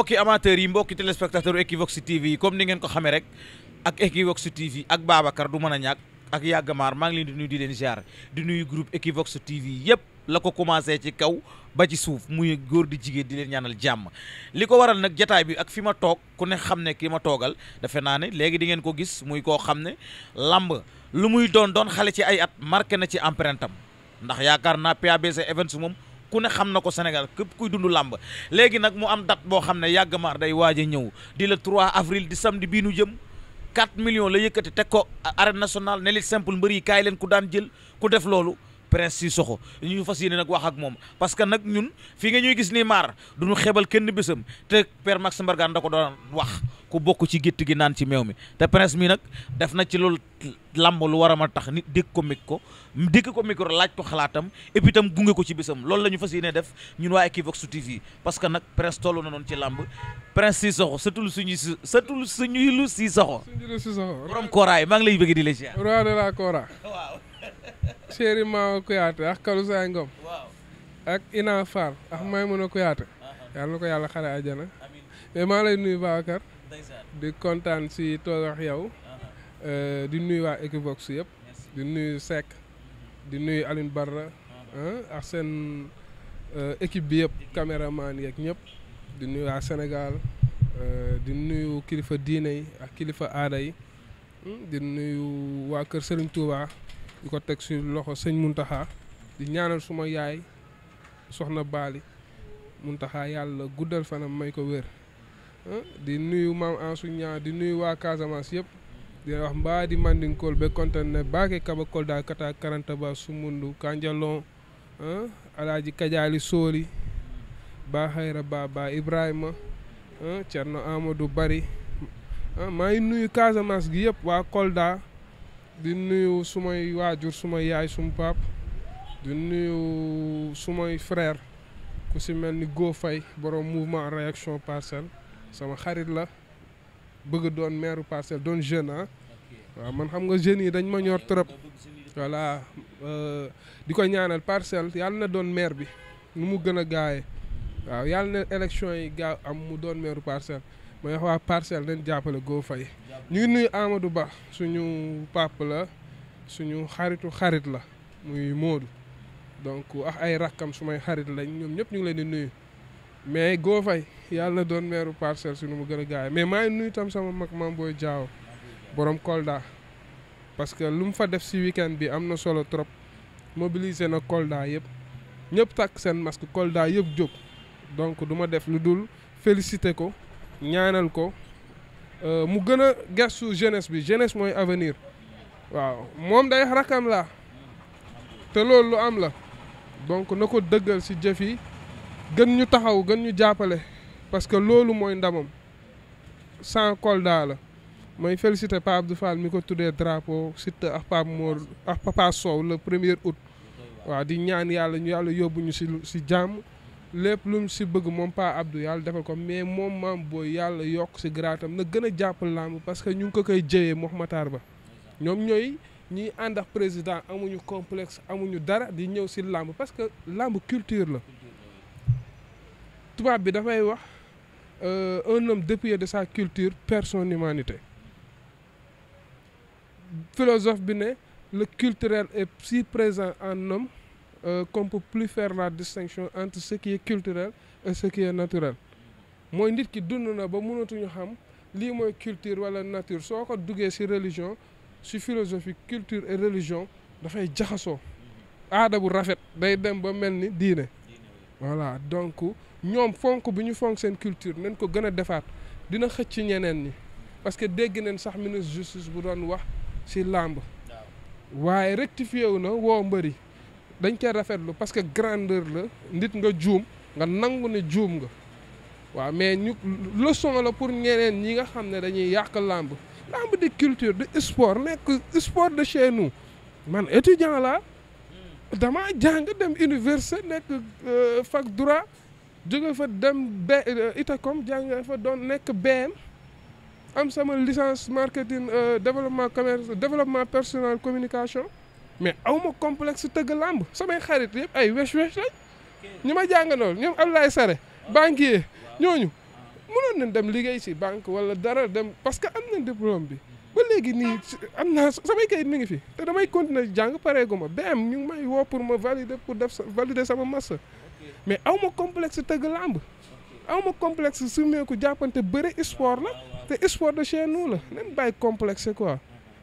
mbokki amateurs yi mbokki téléspectateur Equivox TV yi comme ni ngeen ko xamee rek ak Equivox TV ak Babacar du mën a ñàkk ak Yaggamar maa ngi leen di nuy di leen ziar di nuyu groupe Equivox TV yëpp la ko commencé ci kaw ba ci suuf muy góor di jigéen di leen ñaanal jàmm li ko waral nag jataay bi ak fi ma toog ku ne xam ne ki ma toogal defe naa ne léegi di ngeen ko gis muy koo xam ne lamb lu muy doon doon xale ci ay at marqué na ci emprentam ndax yaakaar naa PABC Events moom. ku ne xam na ko Sénégal képp kuy dund làmb léegi nag mu am date boo xam ne yàgg maar day waaj ñëw di le 3 avril di samedi bii nu jëm 4 million la yëkkati teg ko arène nationale ne li simple mbër yi kaay leen ku daan jël ku def loolu prince si soxo ñu fas yéene nag wax ak moom parce que nag ñun fii nga ñuy gis nii maar duñu xebal kenn bésam te per Max Mbargane da ko doon wax ku bokk ci gétt gi naan ci meew mi te prince mi nag def na ci lool làmb lu war a ma tax nit dégg ko mic ko dégg ko micro laaj ko xalaatam et puis gunge ko ci bisam loolu la ñu fas yéene def ñun waa Equivox TV parce que nag prince toll na noonu ci làmb prince si soxo satul suñuy si satul suñuy lu si soxo borom kooraay lay bëgg di la Chéri Maama Kouyaté ak Kalusaay Ngom. waaw ak Ina Fall ak Maymuna Kouyaté. Uh-huh. yàlla na ko yàlla xare àjjana. mais maa lay nuyu Babacar. di kontaan si toog ak uh-huh. euh, di nuyu waa Equivox yëpp. di nuyu Seck. Mm-hmm. di nuyu Aline Barra. Uh-huh. ak seen euh, équipe bi yëpp caméraman yeeg ñëpp. di nuyu waa Sénégal. Euh, di nuyu kilifa diine yi ak kilifa aada yi. Mm-hmm. Hmm, di nuyu waa Kër Serigne Touba. di ko teg si loxo sëñ Muntaxa di ñaanal suma yaay soxna Baali Muntaxa yàlla guddal fanam may ko wér ah, di nuyu maam Ansu ñaa di nuyu waa Casamance yëpp di wax mbaa di mandinkool be kontaan ne baake kaba kolda kata karanta ba sumundu kanjalon ah, alaaji kajaali sooli ba xayra ba ba ibrahima ah, cerno amadou bari maa ngi nuyu Casamance gi yëpp waa kolda di nuyu sumay waajur suma yaay sum pap di nuyu sumay frère ku si mel ni Go Faye borom mouvement réaction parcelle sama xarit la bëgg doon maire parcelle doon jeune ah man xam nga jeunes yi dañ ma ñor trop voilà euh, di ko ñaanal parcelle yàlla na doon maire bi nu mu gën a gaawee waaw yàlla na élection yi gaa am mu doon maire parcel may wax parcelle dañ jàppale Go Faye ñu ngi nuyu Amadou suñu papa la suñu xaritu xarit la muy Modou donc ak ay rakkam sumay xarit lañ ñoom ñëpp ñu ngi leen di nuyu mais Go yàlla doon meeru parcelle suñu mu gën a gaay mais maa ngi nuyu tam sama mag maam booy jaaw borom Kolda parce que lu mu fa def si weekend bi am na solo trop mobiliser na Kolda yëpp ñëpp takk seen masque Kolda yëpp jóg donc du ma def lu dul félicité ko ñaanal ko euh, mu gën a gëstu jeunesse bi jeunesse mooy avenir waaw moom day rakam la te loolu lu am la donc na ko dëggal ci jëf yi gën ñu taxaw gën ñu jàppale parce que loolu mooy ndamam sans Kolda la mooy félicité Pape Abdou Fall mi ko tuddee drapeau surtout ak Pape Mor ak Papa Sow le premier août waaw di ñaan yàlla ñu yàlla yóbbu ñu ci jàmm lépp lu mu si bëgg moom Pa abdu yàlla defal ko mais moom maam booy yàlla yokk si am na gën a jàpp làmb parce que ñu ngi ko koy jëyee Mox Matar Ba ñoom ñooy ñiy ànd ak président amuñu complex amuñu dara di ñëw si làmb parce que làmb culture la tubaab bi dafay wax euh, un nom dépouillé de sa culture perd son humanité philosophe bi ne le culturel est si présent en nom euh, qu'on peut plus faire la distinction entre ce qui culturel et ce qui naturel mooy nit ki dund na ba mënatuñu xam lii mooy culture wala nature soo ko duggee ci religion ci philosophie culture et religion dafay jaxasoo aada bu rafet day dem ba mel ni diine voilà donc ñoom fonk bi ñu fonk seen culture nañ ko gën a defaat dina xëcc ñeneen ñi parce que dégg nañ sax ministre justice bu doon wax ci làmb waaye rectifié wu na woo mbëri dañ koy rafetlu parce que grandeur la ndit nga juum nga nangu ne juum nga waaw mais ñu leçon la pour ñeneen ñi nga xam ne dañuy yàq làmb làmb di culture di sport nekk sport de chez nous man étudiant la dama jàng dem université nekk euh, fak droit jóge fa dem b euh, itacom jàng fa doon nekk BM am sama licence marketing euh, développement commerce développement personnel communication mais aw ma complexe tëgg làmb samay xarit yëpp ay wesh wesh lañ ñu ma jàngandool ñoom Abdoulaye Sare banquier ñooñu mënoon nañ dem liggéey si banque wala dara dem parce que am nañ diplôme bi ba léegi nii am naa samay kayit mi ngi fi te damay continuer jàng pareegu ma ba ñu may woo pour ma valider pour def valider sama master mais aw ma complexe tëgg làmb aw ma complexe sumeeku jàppante bëre sport la te sport de chez nous la nañ bàyyi complexe quoi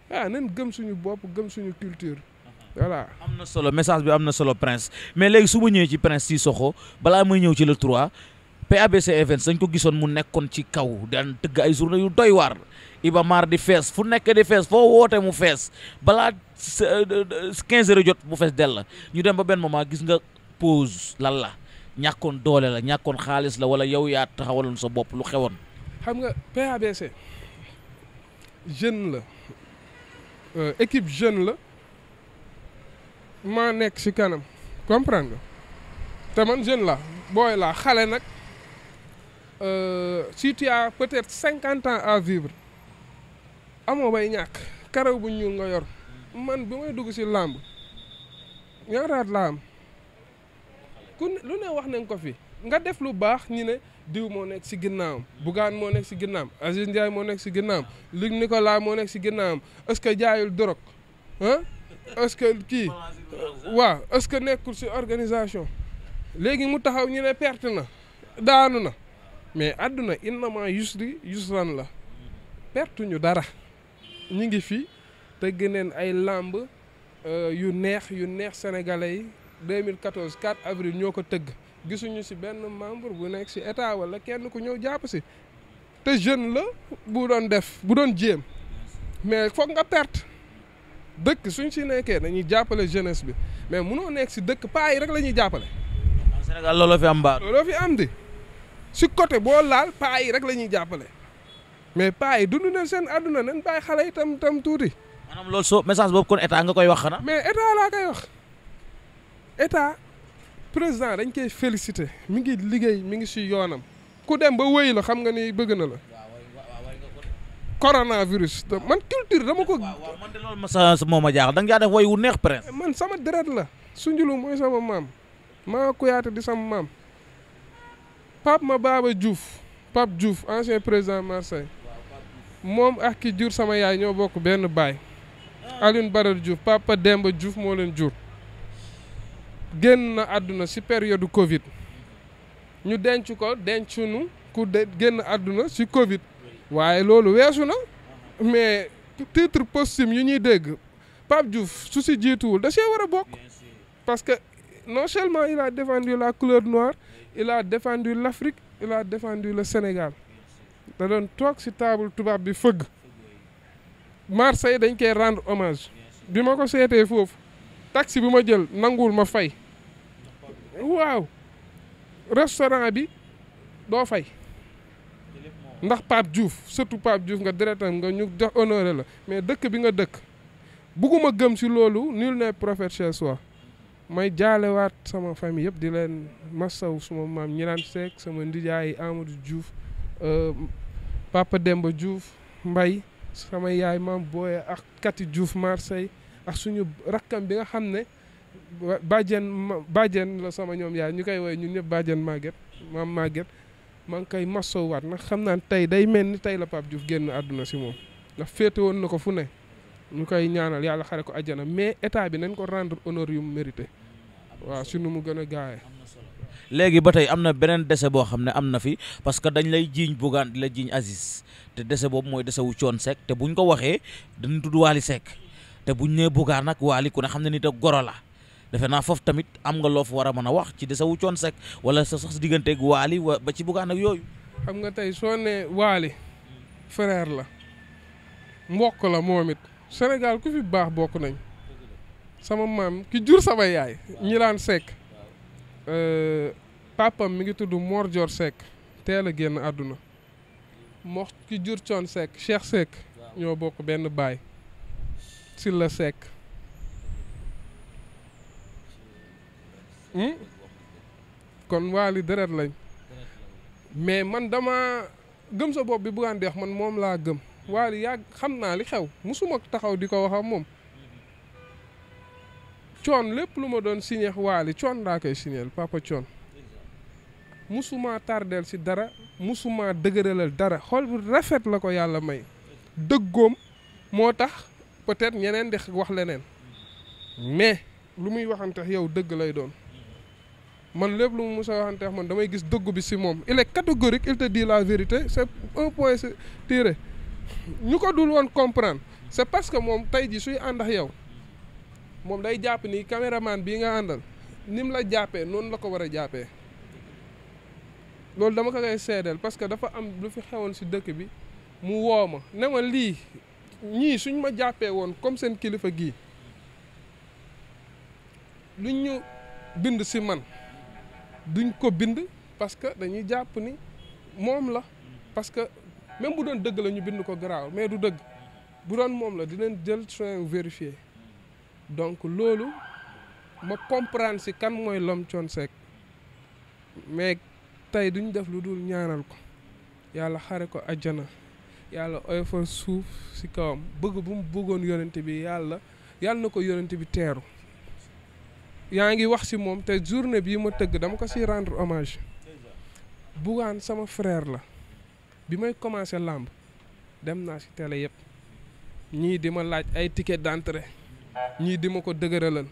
waaw ah, nañ gëm suñu bopp gëm suñu culture voilà am na solo message bi am na solo Prince mais léegi su ma ñëwee ci Prince Sissoko balaa may ñëw ci le 3 PABC Events sañ ko gisoon mu nekkoon ci kaw daan tëgg ay journée yu doy waar Iba Mar di fees fu nekk di fees foo woote mu fees balaa 15 euh, euh, euh, heures jot mu fees dell la ñu dem ba benn moment gis nga pause lan la ñàkkoon doole la ñàkkoon xaalis la wala yow yaa taxawaloon sa bopp lu xewoon. xam nga PABC jeune la équipe jeune la. maa nekk ci kanam comprendre nga te man jeune la booy laa xale nag euh, si tu as peut-être cinquante ans à vivre amoo bay ñàkk karaw bu ñuul nga yor man bi may dugg ci làmb ñaaraat laa am ku lu ne wax nañ ko fi nga def lu baax ñi ne diw moo nekk ci ginnaawam Bougane moo nekk ci ginnaawam Aziz Ndiaye moo nekk ci ginnaawam Luc Nicolas moo nekk ci ginnaawam est-ce que jaayul dorog est-ce que kii waaw est-ce que nekkul ci organisation léegi mu taxaw ñu ne perte na daanu na mais àdduna innama yusri yusran la perte ñu dara ñu ngi fi tëgg neen ay làmb euh, yu neex yu neex sénégalais yi 2014 4 avril ñoo ko tëgg gisuñu ci benn membre bu nekk ci état walla kenn ku ñëw jàpp ci te jeune la bu doon def bu doon jéem mais foog nga perte dëkk suñ si nekkee dañuy jàppale jeunesse bi mais munoo nekk si dëkk paa yi rek la ñuy jàppale. Sénégal looloo fi am baar. looloo fi am di si côté boo laal paa yi rek la ñuy jàppale mais paa yi dund na seen àdduna nañ bàyyi xale yi tam tuuti. maanaam loolu soo message boobu kon état nga koy wax xanaa. mais état laa koy wax état président dañ koy félicité mi ngi liggéey mi ngi si yoonam ku dem ba wéy la xam nga ni bëgg na la. coronavirus man culture dama ko. waaw man ma sa moom a jaaxal da nga def woy wu neex presque. man sama deret la su Sunjulu mooy sama maam maa Kuyaate di sama maam Pape ma Baba Diouf Pape Diouf ancien président Marseille moom ak ki jur sama yaay ñoo bokk benn baay Alioune Badara Diouf Papa Demba Diouf moo leen jur génn na àdduna si période Covid ñu denc ko denc nu ku de génn àdduna si Covid. waaye loolu weesu na mais titre posthume yu ñuy dégg Pape Diouf su si jiituwul da see war a bokk parce que non seulement il a défendu la couleur noire il a défendu l'Afrique il a défendu le Sénégal da doon toog si table tubaab bi fëgg Marseille dañ koy rendre hommage bi ma ko seetee foofu taxi bi ma jël nanguwul ma fay waaw restaurant bi doo fay ndax Pape Diouf surtout Pape Diouf nga deretam nga ñu jox honoré la mais dëkk bi nga dëkk bugguma gëm si loolu nul n'est prophète chez soi may jaalewaat sama famille yëpp di leen massaw suma maam ñiraan Seck sama ndijaay Amadou Diouf euh, Papa Demba Diouf Mbay sama yaay maam booye ak Kati Diouf Marseille ak suñu rakkam bi nga xam ne bàjjen bàjjen la sama ñoom yaay ñu koy woy ñun ñëpp bàjjen Maguette maam Maguette maa ngi koy masoowaat ndax xam naa tey day mel ni tey la Pape Diouf génn àdduna si moom ndax féete woon na ko fu ne ñu koy ñaanal yàlla xare ko ajana mais état bi nañ ko rendre honneur yu mu mérité waaw su nu mu gën a gaawee. léegi ba tey am na beneen dese boo xam ne am na fi parce que dañ lay jiiñ Bougane di la jiiñ Aziz te dese boobu mooy dese wu coon Seck te bu ñu ko waxee dañu tudd Waly Seck te buñ nee Bougane nag Waly ku ne xam ne nit a goro la defe naa foofu tamit am nga loo war a mën a wax ci desawu coon sec wala sa sax digganteeg waali wa ba ci bugaan ak yooyu. xam nga tey soo nee waali frère la mbokk la moom it Sénégal ku fi baax bokk nañ sama maam ki jur sama yaay ñilaan sec euh, papam mi ngi tudd Mor Dior sec teel a génn àdduna mox ki jur coon sec Cheikh sec ñoo bokk benn baay si la sec. Hmm? kon waali deret lañ mais man dama gëm sa bopp bi buggaan di wax man moom laa gëm hmm. waali yaa xam naa li xew musuma taxaw di ko wax ak moom coon hmm. lépp lu ma doon signé waali coon laa koy signéel papa coon musuma tardeel si dara musuma dëgëralal dara xool bu rafet la ko yàlla may dëggoom moo tax peut-être ñeneen di wax leneen mais lu muy waxante yow dëgg lay doon man lépp lu mu Moussa waxante wax man damay gis dëgg bi si moom il est catégorique il te dit la vérité c' est un point c'est tiré ñu ko dul woon comprendre c' est parce que moom tey ji suy ànd yow moom day jàpp ni caméraman bii nga àndal ni mu la jàppee noonu la ko war a jàppee loolu dama ko koy seedeel parce que dafa am lu fi xewoon si dëkk bi mu woo ma ne ma lii ñii suñ ma jàppee woon comme seen kilifa gi lu ñu bind si man duñ ko bind parce que dañuy jàpp ni moom la parce que même bu doon dëgg la ñu bind ko garaaw mais du dëgg bu doon moom la dinañ jël soin vérifier donc loolu ma comprendre si kan mooy Lom Thione Seck mais tey duñ def lu dul ñaanal ko yàlla xare ko àjjana yàlla oyofal suuf si kawam bëgg bu mu bëggoon yonent bi yàlla yàlla na ko yonent bi teeru yaa ngi wax si moom te journée bii ma tëgg dama ko si rendre hommage Bougane sama frère la bi may commencé làmb dem naa si télé yëpp ñii di ma laaj ay ticket d'entrée ñii di ma ko dëgëralal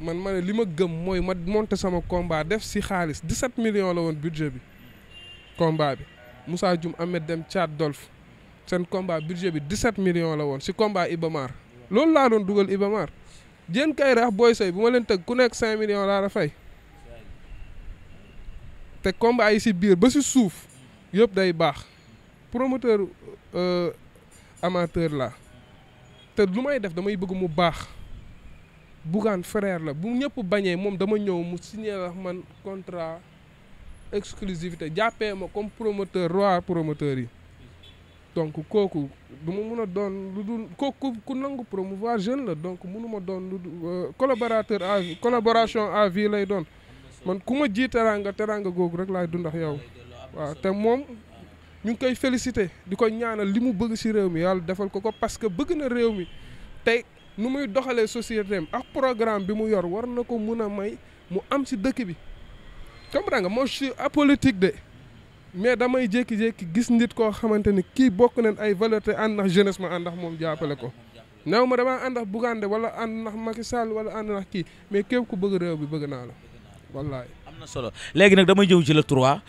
man ma ne li ma gëm mooy ma monter sama combat def si xaalis 17 million la woon budget bi combat bi Moussa jum Ahmed Dem Thiat Dolf seen combat budget bi 17 million la woon si combat Ibamar loolu laa doon dugal Ibamar jën kay rax booy sëy bu ma leen tëgg ku nekk cinq millions laa la te combat yi si biir ba si suuf yëpp day baax promoteur euh, amateur la te lu may def damay bëgg mu baax Bougane fereer la bu ñëpp bañee moom dama ñëw mu signé man contrat exclusivité jàppee ma comme promoteur roi promoteur yi donc kooku du ma mun a doon lu dul kooku ku nangu promouvoir jeune la donc mënuma doon lu dul euh, collaborateur à collaboration à vie lay doon man ku ma ji teraanga teraanga googu rek laay dundax yow waaw te moom ñu ngi koy félicité di ko ñaanal li mu bëgg ci réew mi yàlla defal ko ko parce que bëgg na réew mi tey nu muy doxalee société am ak programme bi mu yor war na ko mun a may mu am ci dëkk bi comprends nga moo je suis de mais damay jékki-jékki gis nit koo xamante ni kii bokk nañ ay valeur te ànd ndax jeunesse ma ànd ndax moom jàppale ko néew ma damaa ànd ndax Bougane wala ànd ndax Macky Sall wala ànd nax kii mais képp ku bëgg réew bi bëgg naa la wallaay. am na solo léegi nag damay jëw ci le 3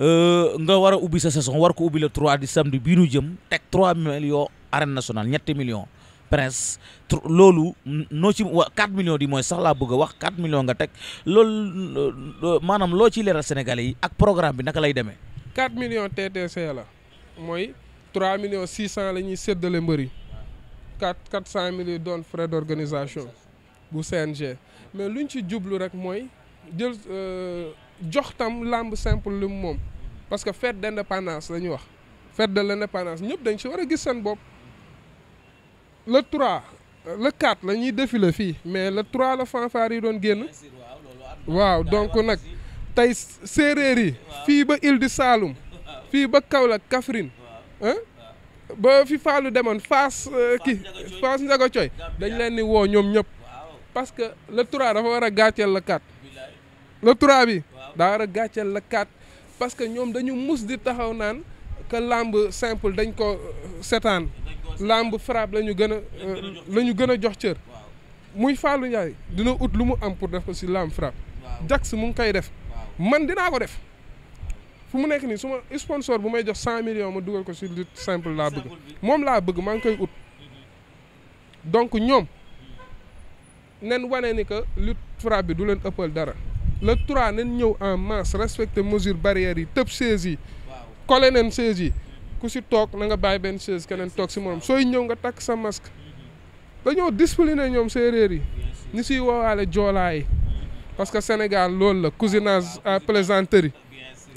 euh, nga war a ubbi sa saison war ko ubbi le 3 di samedi bii nu jëm teg 3 millions arène nationale ñetti millions. presse loolu noo ci wa 4 millions di mooy sax laa bëgg a wax 4 millions nga teg loolu maanaam loo ciy leeral Sénégalais yi ak programme bi naka lay demee. 4 millions TTC la mooy 3 millions 600 la ñuy séddale mbër yi 4 400 mille doon frais d'organisation bu CNG mais luñ ci jublu rek mooy jël euh, jox tam làmb simple li moom parce que fête d'indépendance la ñuy wax fête de l'indépendance ñëpp dañ ci war a gis seen bopp. le 3 le 4 la ñuy défilé fii mais le trois la fanfare yi doon génn waaw donc nag tey séeréer yi fii ba Île du Saloum fii ba Kaolack Kaffrine ah ba fi Fallou demoon Fass euh, kii Fass Ndiaga Coy dañ leen ni woo ñoom ñëpp parce que le 3 dafa war a gàcceel la 4 le 3 bi daa war a gàcceel la 4 parce que ñoom dañu mus di taxaw naan ka làmb simple dañ ko euh, setaan làmb frappe la ñu gën a la ñu gën a jox cër muy Fallou Ndiaye dina ut lu mu am pour def ko si làmb frappe si mu ngi koy def man dinaa ko def fu mu nekk nii su ma sponsor bu may jox cent million ma dugal ko si lutte simple laa bëgg moom laa bëgg maa ngi koy ut donc ñoom nen wane ni que lutte frappe bi du leen ëppal dara le trois nen ñëw en masse respecter mesure barrière yi tëb chaise yi collé nen chaise yi ku si toog na nga bàyyi benn chaise keneen toog si morom sooy ñëw nga takk sa masque dañoo discipliné ñoom séeréer yi ñu siy woowaale joolaa yi parce que Sénégal loolu la cousinage à plaisanterie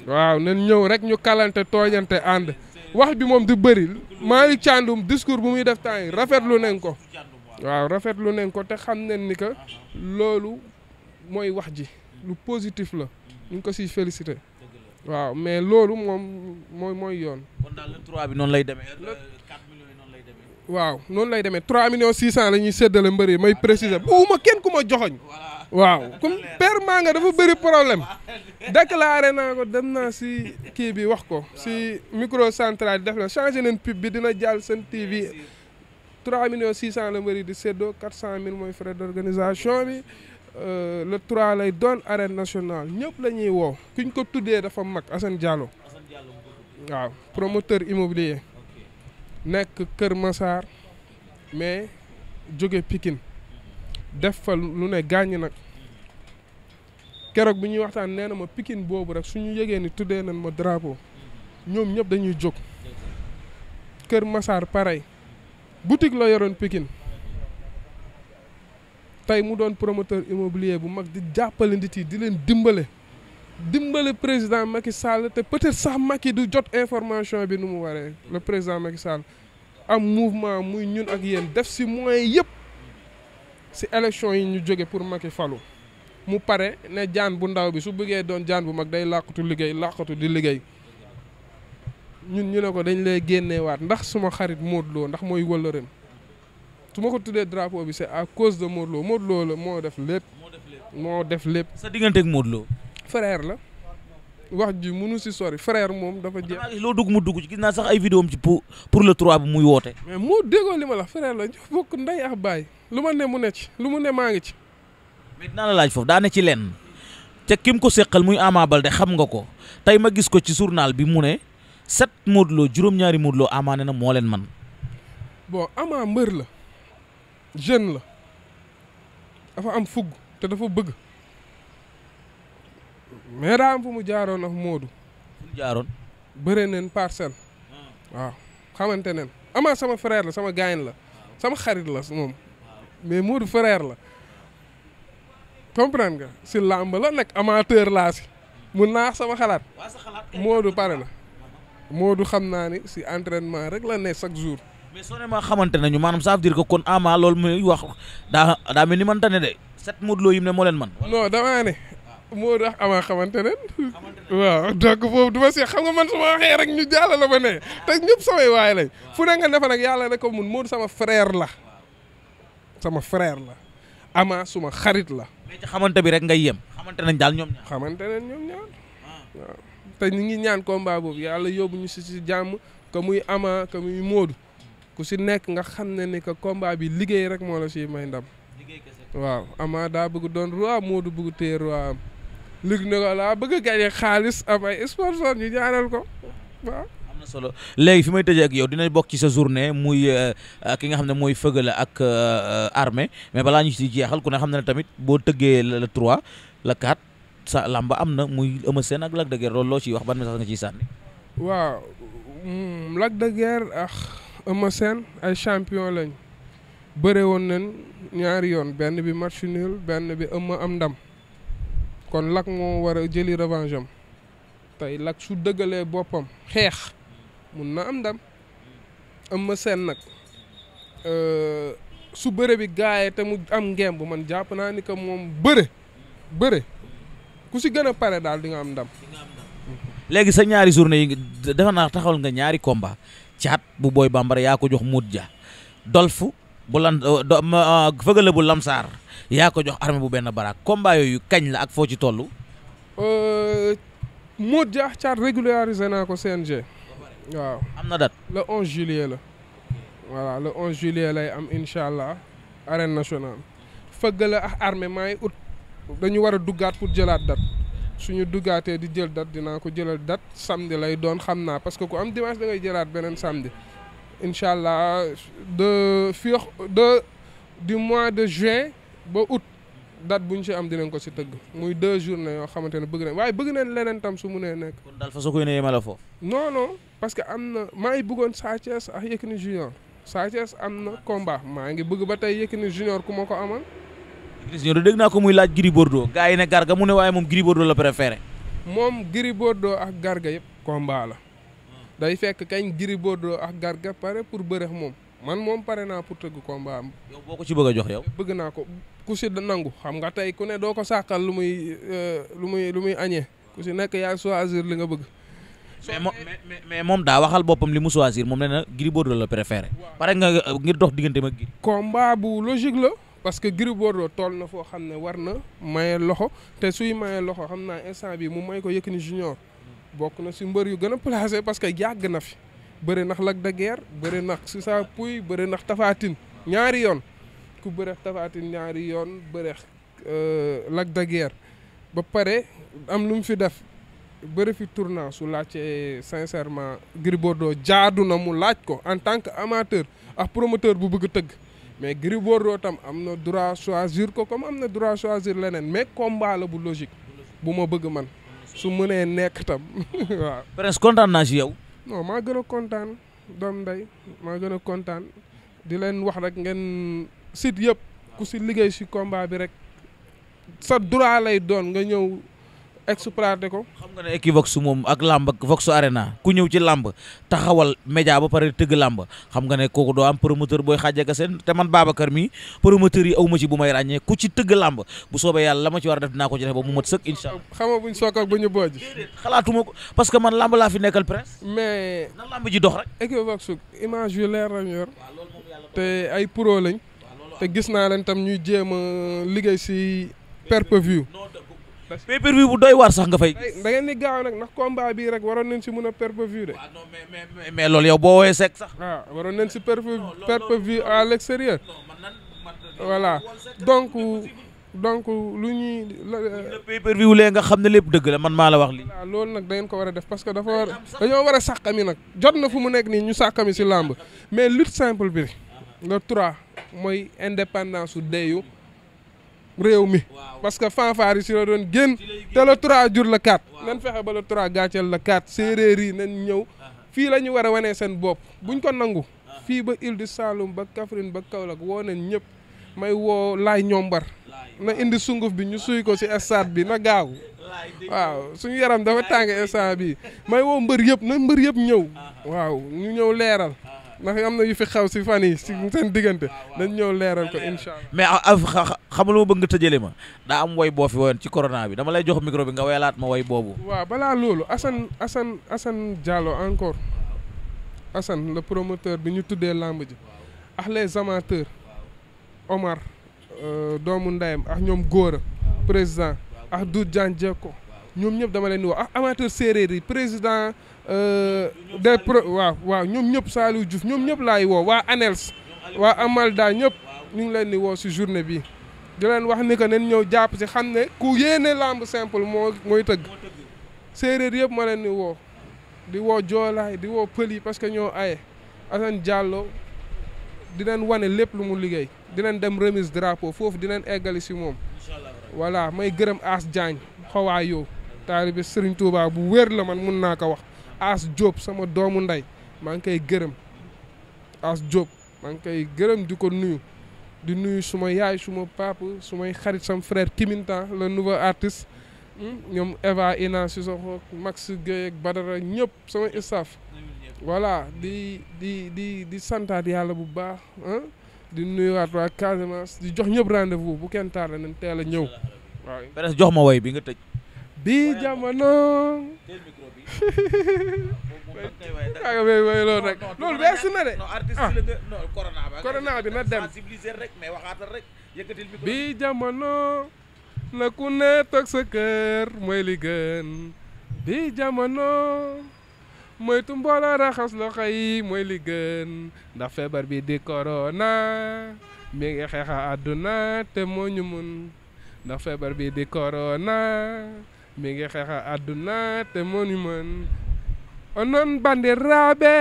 waaw nañ ñëw rek ñu kalante tooñante ànd wax bi moom di bëri Malick Thiandoum discours bu muy def temps yi rafetlu nañ ko waaw rafetlu nañ ko te xam nañ ni que loolu mooy wax ji lu positif la ñu ngi ko siy félicité waaw mais loolu moom mooy mooy yoon. kon daal le 3 bi noonu lay demee. le millions yi noonu lay demee. waaaaw noonu lay demee 3 millions 600 la ñuy séddale mbër yi may préciser buuma kenn ku ma joxoñ waaw comme père nga dafa bëri problème déclaré naa ko dem naa si kii bi wax ko si micro central def na changé nañ pub bi dina jaal seen TV 3 millions cent la mbëri di séddoo 400 mille mooy frais d'organisation bi. Euh, le 3 lay doon arène nationale ñëpp lañuy ñuy woo kuñ ko tuddee dafa mag Assane Diallo waaw promoteur immobilier nekk Kër masaar mais jóge pikin def fa lu ne gaañ nag keroog bi ñuy waxtaan nee na ma pikin boobu rek suñu yëgee ni tuddee nañ ma drapeau ñoom ñëpp dañuy jóg Kër masaar pareil boutique la yoroon pikin tey mu doon promoteur immobilier bu mag di jàppale nit yi di leen dimbale dimbale président Macky Sall te peut-être sax Macky du jot information bi nu mu waree le président Macky Sall am mouvement muy ñun ak yéen def si moyens yëpp si élection yi ñu jóge pour Macky falu mu pare ne jaan bu ndaw bi su bëggee doon jaan bu mag day làqatu liggéey làqatu di liggéey ñun ñu ne ko dañ lay génneewaat ndax suma xarit Modou ndax mooy wëllëreem su ma ko tuddee drapeau bi c'est à cos de Modou Lo la moo def lépp. moo def lépp. sa diggante ak Modou Lo. la. wax ji mënu si sori frère moom dafa jeex. loo dugg mu dugg ci gis naa sax ay vidéo mu ci pour pour le 3 bi muy woote. mais moo déggoo li ma la frère la ñu bokk ndey lu ma ne mu ne ci lu mu ne maa ngi ci. mais dinaa la laaj foofu daa ne ci lenn te kim ko seqal muy Ama Baldé xam nga ko tey ma gis ko ci journal bi mu ne set Modou juróom-ñaari Modou Lo ne na moo leen man bon Ama mbër la. jeune la dafa am fugg te dafa bëgg mais daa am fu mu jaaroon ak Modou. fu bëri neen parcelle. Ah. waaw xamante neen ama sama frère la sama gaañ la. Ah. sama xarit la moom. Ah, mais Modou frère la. comprendre nga si làmb la nekk amateur laa si. Hmm. mun naa wax sama xalaat. Modou pare na. Modou xam naa ni si entraînement rek la ne chaque jour. mais soo ma xamante nañu maanaam ça veut dire que kon Ama loolu muy wax daa daa ni mënta ne de set Modou Lo yim ne moo leen man non damaa ne moo tax nga man su ma waxee rek ñu jàll yàlla rek ko mun Modou sama frère la sama frère la Ama suma xarit la mais ci xamante bi rek ngay yem xamante nañ daal ñoom ñaar xamante ngi ñaan combat boobu yàlla yóbbu ñu si si jàmm que muy Ama que muy Modou ku si nekk nga xam ne ni que combat bi liggéey rek moo la siy may ndam. liggéey kese waaw Ama daa bëgg doon roi Modou bëgg téye roi am. Luc laa bëgg a gagné xaalis am ay sponsor ñu ñaanal ko waaw. am solo léegi fi may tëjee yow dina bokk ci sa journée muy euh, ki nga xam ne mooy Feugeula ak euh, armée mais balaa ñu si jeexal ku ne xam ne tamit boo tëggee le trois le 4 sa lamba am na muy Eumeu Sène ak Lac de Guiers loolu loo ciy wax ban message nga ciy sànni. waaw hmm, Lac de Guiers ah. Eumeu Sène ay champion lañ bëre woon nañ ñaari yoon benn bi match nul benn bi Eumeu am ndam kon Lac moo war a jëli revanche am tey su dëggalee boppam xeex mun na am ndam Eumeu Sène nag euh, su bëre bi gaayee te mu am ngemb man jàpp naa ni que moom bëre bëre ku si gën a pare daal di nga am ndam. léegi sa ñaari journée yi defe naa taxawal nga ñaari komba caat bu booy bambara yaa ko jox muut ja dolf bu lan euh, euh, fëgala lamsaar yaa ko jox armée bu benn baraak combat yooyu kañ la ak foo ci toll euh, muut ja caat régularisé naa ko CNG waaw am na date le 11 juillet la voilà le 11 juillet lay am incha allah arène nationale fëgg la ak armée ut dañu war a duggaat pour jëlaat date suñu duggaatee di jël date dinaa ko jëlal date samedi lay doon xam naa parce que ku am dimanche da ngay jëlaat beneen samedi incha allah de fii de du mois de juin ba ut dat bu ñu ci am dinañ ko si tëgg muy deux journées yoo xamante ne bëgg nañ waaye bëgg nañ leneen tam su munee nekk. kon daal fa soo koy yemale foofu. non non parce que am na maa ngi bëggoon Sa Thiès ak Yékini Junior Sa Thiès am na combat maa ngi bëgg ba tey Yékini Junior ku ma ko amal. Gris Bordeaux dégg naa ko muy laaj Gris Bordeaux gars yi ne Garga mu ne waaye moom Gris Bordeaux la préféré. moom Gris Bordeaux ak Garga la. day fekk kañ Gris Bordeaux ak Garga pare pour bëreex moom man moom pare naa pour tëgg combat am. yow boo ko ci bëgg a jox yow. bëgg naa ko ku si nangu xam nga tey ku ne doo ko sàqal lu muy euh, lu muy lu muy añee ku si nekk yaa choisir li nga bëgg. mais mais moom daa waxal li mu choisir moom na Gris la préféré. pare nga euh, ngir dox diggante ma Gris. parce que Gris Bordeaux tool na foo xam ne war na maye loxo te suy maye loxo xam naa instant bi mu may ko Yékini junior bokk na si mbër yu gën a placé parce que yàgg na fi bëri nax lag de Guiers bëri nax si Sisa Pouye bëri nax Tapha ñaari yoon ku bëreex Tapha Tine ñaari yoon bëreex euh, Lac de Guiers ba pare am lu mu fi def bëri fi tournant su laajtee sincèrement Gris jaadu na mu laaj ko en tant que amateur ak promoteur bu bëgg tëgg mais Gris Bordeaux tam am na droit choisir ko comme am na droit choisir leneen mais combat bu logique bu ma bëgg man su mënee nekk tam waaw. presque kontaan naa si yow. non maa gën a kontaan doom ndey gën kontaan di leen wax rek ngeen sit yëpp ku si liggéey si combat bi rek sa droit lay doon nga ñëw. exploité ko. xam nga ne Equivox moom ak làmb ak Vox Arena ku ñëw ci làmb taxawal média ba pare tëgg làmb xam nga ne kooku doo am promoteur booy xàjjaka seen te man Babacar mi promoteur yi aw ma ci bu may ràññee ku ci tëgg làmb bu soobee yàlla la ma ci war a def dinaa ko ci def ba mu mat sëkk incha allah. xam nga buñ soog ak ñu booj. xalaatuma ko parce que man làmb laa fi nekkal presse. mais na làmb ji dox rek. Equivox image yu leer lañ yor te ay pro lañ gis naa leen tam ñuy jéem a liggéey si pay pay per view bu doy waar sax nga fay. da ngeen di gaaw nag ndax combat bii rek waroon nañ si mun a pay per view de. waaw non mais loolu yow boo woowee sec sax. waaw ah, waroon nañ si pay per view à l'extérieur. voilà donc donc lu ñuy. la pay view lee nga xam ne lépp dëgg la man maa la wax lii. waaw loolu nag da ngeen ko war a def parce que dafa war dañoo war a sàqami nag jot na fu mu nekk nii ñu sàqami si làmb mais lut simple bi nga trois mooy indépendance su deyu réew mi parce que fanfaar yi si la doon génn te le 3 jur le 4 nañ fexe ba le 3 gàcceel le 4 séeréer yi nañ ñëw fii la ñu war a wanee seen bopp buñ ko nangu fii ba Île du Saloum ba Kaffrine ba Kaolack woo nañ ñëpp may woo laay ñombar na indi sunguf bi ñu suy ko si stade bi na gaaw waaw suñu yaram dafa tàng instant bi may woo mbër yëpp na mbër yëpp ñëw waaw ñu ñëw leeral ndax am na yu fi xaw si fan yi si seen diggante dañ ñëw leeral ko incha allah. mais a xam lu ma bëgg nga tëjale ma daa am woy boo fi woyoon ci corona bi dama lay jox micro bi nga woyalaat ma woy boobu. waaw balaa loolu asan Assane Assane Diallo encore Assane le promoteur bi ñu tuddee làmb ji ak les amateurs Omar euh, doomu ndeyam ak ñoom Gora président ak Doudou Diagne Dieko ñoom ñëpp dama leen di wax ak amateur séeréer yi président. Euh, des pro waaw waaw ñoom ñëpp Saliou Diouf ñoom ñëpp laay woo waa ANELS waa Amalda ñëpp ñu ngi leen di woo si journée bi di leen wax ni que nañ ñëw jàpp si xam ne ku yéene lamb simple moo mooy tëgg séeréer yëpp ma leen di woo di woo joolaay di woo pël yi parce que ñoo aye Assane Diallo di leen wane lépp lu mu liggéey di leen dem remise drapeau foofu di leen eggali si moom voilà may gërëm As Diagne xawaa yow taalibi Serigne Touba bu wér la man mun naa ko wax As Diop sama doomu ndey maa ngi koy gërëm As Diop maa ngi koy gërëm di ko nuyu di nuyu suma yaay suma papa sumay xarit sam frère Timintan le nouveau artiste hmm? ñoom Eva Ina Sissoko Max Gueye ak Badara ñëpp sama staff voilà di di di di santaat yàlla bu baax di nuyuwaat waa Casamance di jox ñëpp rendez bu kenn tardé nañ teel a ñëw waaw. jox ma woy bi nga tëj. bi jamono. waaw waaye loolu rek loolu weesu na de ah corona bi na dem bi jamono na ku ne toog sa kër mooy li gën bi jamono moytu mbooloo raxas loxo yi mooy li gën ndax feebar bi di corona mi ngi xeexa àdduna bi di mi ngi xeexa àdduna te moni mën onon bandiraaɓe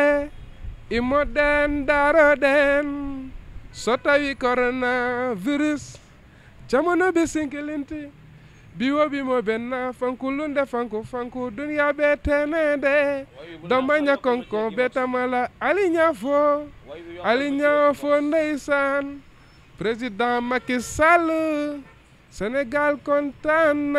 imoɗen daroɗen so tawi coronavirus jamono ɓe sinkilinti biwoɓimo ɓenna fankulunde fanku fanku duniya ɓe tenede dombaña konko ɓe tamala aliña fo aliña fo ndeysan président makisall sénégal kontan